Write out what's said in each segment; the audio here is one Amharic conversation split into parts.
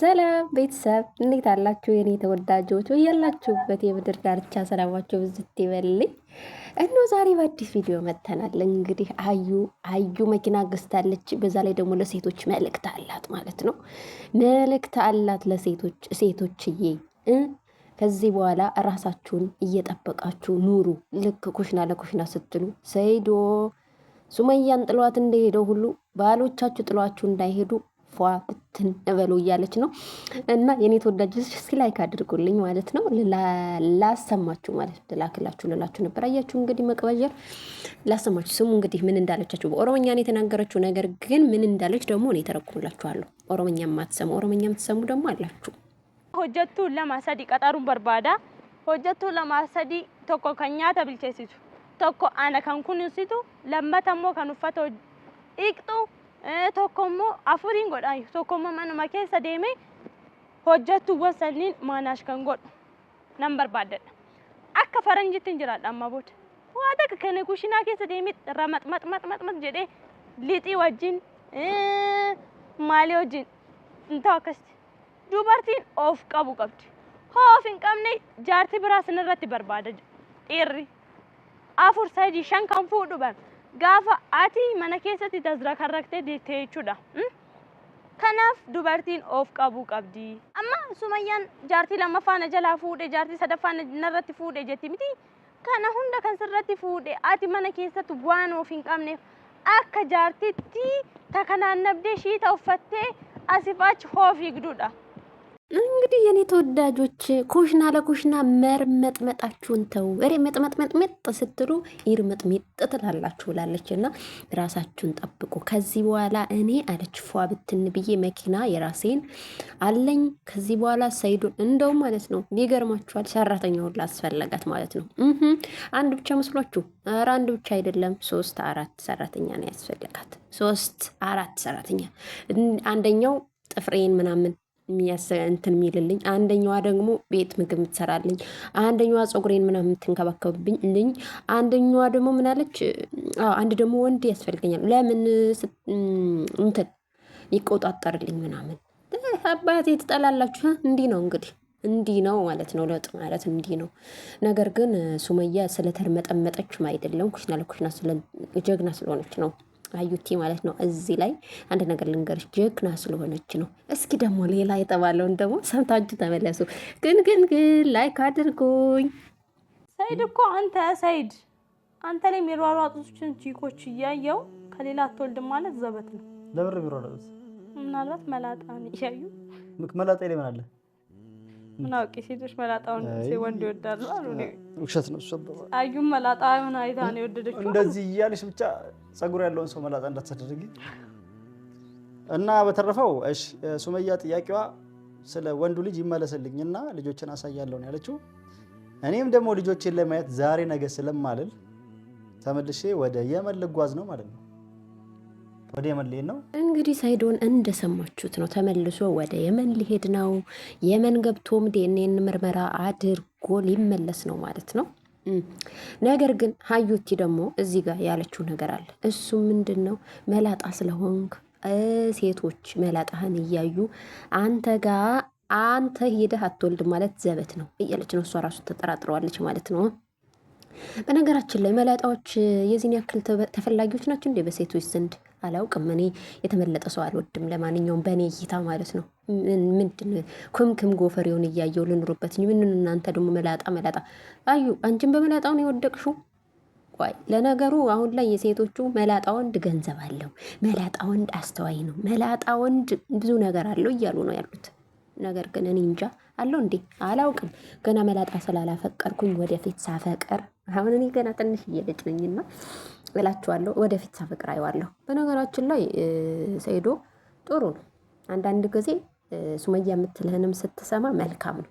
ሰላም ቤተሰብ እንዴት አላችሁ? የኔ ተወዳጆች ያላችሁበት የምድር ዳርቻ ሰላማችሁ ብዝት ይበልልኝ። እኖ ዛሬ በአዲስ ቪዲዮ መጥተናል። እንግዲህ አዩ አዩ መኪና ገዝታለች። በዛ ላይ ደግሞ ለሴቶች መልእክት አላት ማለት ነው። መልእክት አላት ለሴቶች ሴቶችዬ ከዚህ በኋላ ራሳችሁን እየጠበቃችሁ ኑሩ። ልክ ኩሽና ለኩሽና ስትሉ ሰይዶ ሱመያን ጥሏት እንደሄደው ሁሉ ባሎቻችሁ ጥሏችሁ እንዳይሄዱ ፏ ብትን እያለች ነው። እና የኔ ተወዳጆች እስኪ ላይክ አድርጉልኝ ማለት ነው፣ ላሰማችሁ ማለት ላክላችሁ ልላችሁ ነበር። አያችሁ እንግዲህ መቅበጀር ላሰማችሁ። ስሙ እንግዲህ ምን እንዳለቻችሁ በኦሮሞኛ ነው የተናገረችው። ነገር ግን ምን እንዳለች ደግሞ እኔ ተረጉምላችኋለሁ። ኦሮምኛ የማትሰሙ ኦሮምኛ የምትሰሙ ደግሞ አላችሁ። ሆጀቱ ለማሰዲ ቀጠሩን በርባዳ ሆጀቱ ለማሰዲ ቶኮ ከኛ ተብልቼ ሲቱ ቶኮ አነ ከንኩን ሲቱ ለመተሞ ከኑፈቶ ይቅጡ tokkommoo afuriin godhaayu tokkommoo manuma keessa deeme hojjettuuwwan sanniin maanaash kan godhu nan barbaaddadha. Akka faranjitti hin jiraadha amma booda. Waa takka kana kushinaa keessa deemee irraa maxmaxmaxmaxmax jedhee lixii wajjin maalii wajjin hin ta'u akkasitti. Dubartiin of qabu qabdi. Hoof hin qabne jaartii biraa sinirratti barbaada dhiirri. Afur sadii shan kan fuudhu gaafa ati mana keessatti tasdira karraktee deettee jechuudha. Hmm? Kanaaf dubartiin of qabu qabdi. Amma sumayyaan jaartii lammaffaa na jalaa fuudhe, jaartii sadaffaa narratti fuudhe jetti miti. Kana hunda kan sirratti fuudhe ati mana keessatti waan of hin qabneef akka jaartitti takanaannabdee shiita uffattee asif achi hoof higduudha. እንግዲህ የኔ ተወዳጆች ኩሽና ለኩሽና መርመጥመጣችሁን ተው። እሬ መጥመጥመጥመጥ ስትሉ ይርመጥሚጥ ትላላችሁ ላለች እና ራሳችሁን ጠብቁ። ከዚህ በኋላ እኔ አለች ፏ ብትን ብዬ መኪና የራሴን አለኝ። ከዚህ በኋላ ሰይዱን እንደውም ማለት ነው ይገርማችኋል፣ ሁላ አስፈለጋት ማለት ነው። አንድ ብቻ መስሏችሁ? ኧረ አንድ ብቻ አይደለም፣ ሶስት አራት ሰራተኛ ነው ያስፈለጋት። ሶስት አራት ሰራተኛ አንደኛው ጥፍሬን ምናምን እንትን የሚልልኝ፣ አንደኛዋ ደግሞ ቤት ምግብ የምትሰራልኝ፣ አንደኛዋ ፀጉሬን ምናምን የምትንከባከብልኝ፣ አንደኛዋ ደግሞ ምናለች፣ አንድ ደግሞ ወንድ ያስፈልገኛል። ለምን እንትን ይቆጣጠርልኝ ምናምን። አባቴ ትጠላላችሁ። እንዲህ ነው እንግዲህ እንዲህ ነው ማለት ነው። ለውጥ ማለት እንዲህ ነው። ነገር ግን ሱመያ ስለተርመጠመጠችም አይደለም ኩሽና ለኩሽና ጀግና ስለሆነች ነው። አዩቲ ማለት ነው። እዚህ ላይ አንድ ነገር ልንገርሽ፣ ጀግና ስለሆነች ነው። እስኪ ደግሞ ሌላ የተባለውን ደግሞ ሰምታችሁ ተመለሱ። ግን ግን ግን ላይክ አድርጉኝ። ሰይድ እኮ አንተ ሰይድ አንተ ላይ የሚሯሯጡትን ቺኮች እያየው ከሌላ አትወልድም ማለት ዘበት ነው። ለብር ቢሯሯጡት ምናልባት መላጣ እያዩ መላጣ ላይ ምን አለ ምን አውቄ ሴቶች መላጣውን ወንድ ይወዳሉ አሉ። ውሸት ነው። አዩም መላጣ ሆን አይታ ነው የወደደችው። እንደዚህ እያለች ብቻ ጸጉር ያለውን ሰው መላጣ እንዳታደርጊ እና በተረፈው ሱመያ ጥያቄዋ ስለ ወንዱ ልጅ ይመለስልኝ እና ልጆችን አሳያለሁ ነው ያለችው። እኔም ደግሞ ልጆችን ለማየት ዛሬ ነገ ስለማልል ተመልሼ ወደ የመን ልጓዝ ነው ማለት ነው። ወደ የመን ሊሄድ ነው እንግዲህ ሳይዶን እንደሰማችሁት ነው። ተመልሶ ወደ የመን ሊሄድ ነው። የመን ገብቶም ዲኤንኤን ምርመራ አድርጎ ሊመለስ ነው ማለት ነው። ነገር ግን ሀዩቲ ደግሞ እዚህ ጋር ያለችው ነገር አለ። እሱም ምንድን ነው መላጣ ስለሆንክ ሴቶች መላጣህን እያዩ አንተ ጋ አንተ ሄደህ አትወልድ ማለት ዘበት ነው እያለች ነው። እሷ ራሱ ተጠራጥረዋለች ማለት ነው። በነገራችን ላይ መላጣዎች የዚህን ያክል ተፈላጊዎች ናቸው እንዴ በሴቶች ዘንድ? አላውቅም። እኔ የተመለጠ ሰው አልወድም። ለማንኛውም በእኔ እይታ ማለት ነው። ምንድን ጎፈር ጎፈሬውን እያየው ልኑሩበት። ምን እናንተ ደግሞ መላጣ መላጣ አዩ። አንቺን በመላጣውን የወደቅሽው ይ ለነገሩ አሁን ላይ የሴቶቹ መላጣ ወንድ ገንዘብ አለው፣ መላጣ ወንድ አስተዋይ ነው፣ መላጣ ወንድ ብዙ ነገር አለው እያሉ ነው ያሉት። ነገር ግን እኔ እንጃ አለው እንዴ አላውቅም። ገና መላጣ ስላላፈቀርኩኝ ወደፊት ሳፈቀር አሁን እኔ ገና ትንሽ እየልጭ ነኝና እላችኋለሁ። ወደፊት ሳፈቅር አየዋለሁ። በነገራችን ላይ ሰይዶ ጥሩ ነው። አንዳንድ ጊዜ ሱመያ የምትልህንም ስትሰማ መልካም ነው።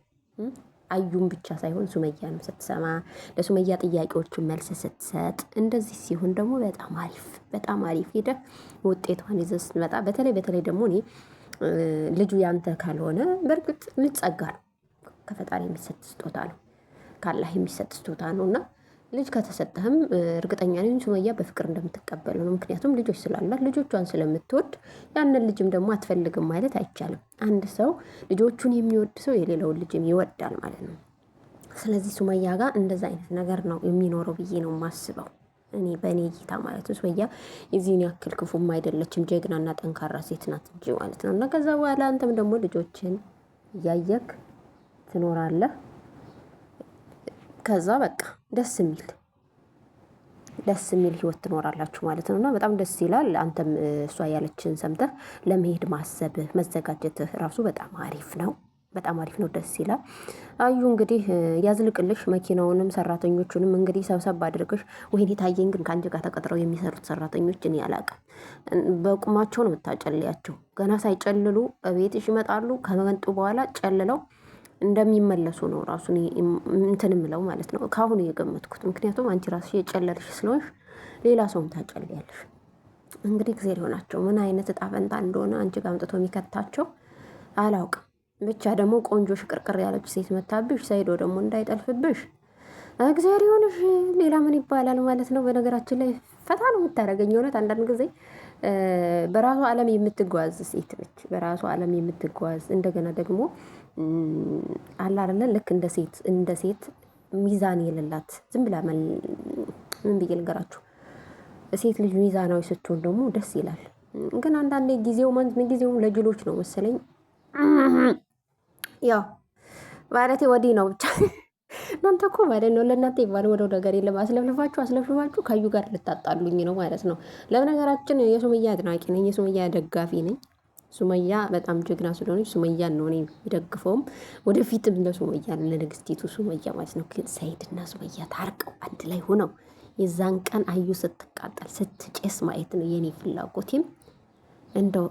አዩም ብቻ ሳይሆን ሱመያንም ስትሰማ ለሱመያ ጥያቄዎቹን መልስ ስትሰጥ፣ እንደዚህ ሲሆን ደግሞ በጣም አሪፍ በጣም አሪፍ ሄደ ውጤቷን ይዘ ስትመጣ፣ በተለይ በተለይ ደግሞ እኔ ልጁ ያንተ ካልሆነ በእርግጥ ምጸጋ ነው። ከፈጣሪ የሚሰጥ ስጦታ ነው፣ ካላህ የሚሰጥ ስጦታ ነው እና ልጅ ከተሰጠህም እርግጠኛ ነኝ ሱመያ በፍቅር እንደምትቀበሉ ነው። ምክንያቱም ልጆች ስላላት ልጆቿን ስለምትወድ ያንን ልጅም ደግሞ አትፈልግም ማለት አይቻልም። አንድ ሰው ልጆቹን የሚወድ ሰው የሌለውን ልጅም ይወዳል ማለት ነው። ስለዚህ ሱመያ ጋር እንደዛ አይነት ነገር ነው የሚኖረው ብዬ ነው የማስበው። እኔ በእኔ እይታ ማለት ነው። ሱመያ የዚህን ያክል ክፉም አይደለችም። ጀግናና ጠንካራ ሴት ናት እንጂ ማለት ነው። እና ከዛ በኋላ አንተም ደግሞ ልጆችን እያየክ ትኖራለህ። ከዛ በቃ ደስ የሚል ደስ የሚል ህይወት ትኖራላችሁ ማለት ነው። እና በጣም ደስ ይላል። አንተም እሷ ያለችን ሰምተህ ለመሄድ ማሰብ መዘጋጀትህ ራሱ በጣም አሪፍ ነው። በጣም አሪፍ ነው። ደስ ይላል። አዩ እንግዲህ ያዝልቅልሽ። መኪናውንም ሰራተኞቹንም እንግዲህ ሰብሰብ አድርገሽ። ወይኔ ታየኝ ግን ከአንቺ ጋር ተቀጥረው የሚሰሩት ሰራተኞች እኔ አላውቅም። በቁማቸው ነው የምታጨልያቸው። ገና ሳይጨልሉ እቤት ይመጣሉ። ከመጡ በኋላ ጨልለው እንደሚመለሱ ነው ራሱ እንትን ምለው ማለት ነው። ከአሁኑ የገመትኩት ምክንያቱም አንቺ ራሱ የጨለልሽ ስለሆንሽ ሌላ ሰውም ታጨልያለሽ። እንግዲህ ጊዜ ሊሆናቸው ምን አይነት እጣ ፈንታ እንደሆነ አንቺ ጋር አምጥቶ የሚከታቸው አላውቅም። ብቻ ደግሞ ቆንጆ ሽቅርቅር ያለች ሴት መታብሽ፣ ሰይዶ ደግሞ እንዳይጠልፍብሽ እግዚአብሔር ይሆንሽ። ሌላ ምን ይባላል ማለት ነው። በነገራችን ላይ ፈታ ነው የምታደርገኝ እውነት። አንዳንድ ጊዜ በራሱ ዓለም የምትጓዝ ሴት ነች። በራሱ ዓለም የምትጓዝ እንደገና ደግሞ አላ ልክ እንደ ሴት እንደ ሴት ሚዛን የሌላት ዝም ብላ ምን ብዬ ልገራችሁ፣ ሴት ልጅ ሚዛናዊ ስትሆን ደግሞ ደስ ይላል። ግን አንዳንዴ ጊዜው ጊዜውም ለጅሎች ነው መሰለኝ። ያው ማለቴ ወዲህ ነው ብቻ እናንተ እኮ ማለት ነው ለእናንተ ይባል ወደው ነገር የለም። አስለፍልፋችሁ አስለፍልፋችሁ ከዩ ጋር ልታጣሉኝ ነው ማለት ነው። ለነገራችን የሱምያ አድናቂ ነኝ፣ የሱምያ ደጋፊ ነኝ። ሱመያ በጣም ጀግና ስለሆነች ሱመያ ነው እኔ የሚደግፈውም ወደፊትም ለሱመያ ለንግስቲቱ ሱመያ ማለት ነው። ግን ሰይድና ሱመያ ታርቀው አንድ ላይ ሆነው የዛን ቀን አዩ ስትቃጠል ስትጨስ ማየት ነው የኔ ፍላጎቴም። እንደው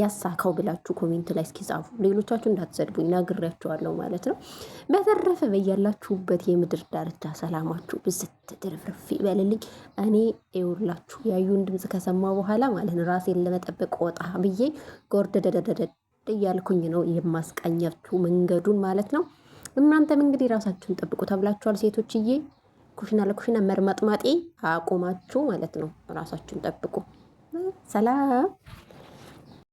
ያሳካው ብላችሁ ኮሜንት ላይ እስኪጻፉ ሌሎቻችሁ እንዳትዘድቡኝ ነግሬያችኋለሁ ማለት ነው። በተረፈ በያላችሁበት የምድር ዳርቻ ሰላማችሁ ብዝት ትርፍርፍ ይበልልኝ። እኔ ይውላችሁ ያዩን ድምፅ ከሰማ በኋላ ማለት ነው ራሴን ለመጠበቅ ወጣ ብዬ ጎርደደደደደ እያልኩኝ ነው የማስቃኛችሁ መንገዱን ማለት ነው። እናንተም እንግዲህ ራሳችሁን ጠብቁ ተብላችኋል ሴቶችዬ። ኩሽና ለኩሽና መርማጥማጤ አቁማችሁ ማለት ነው። ራሳችሁን ጠብቁ። ሰላም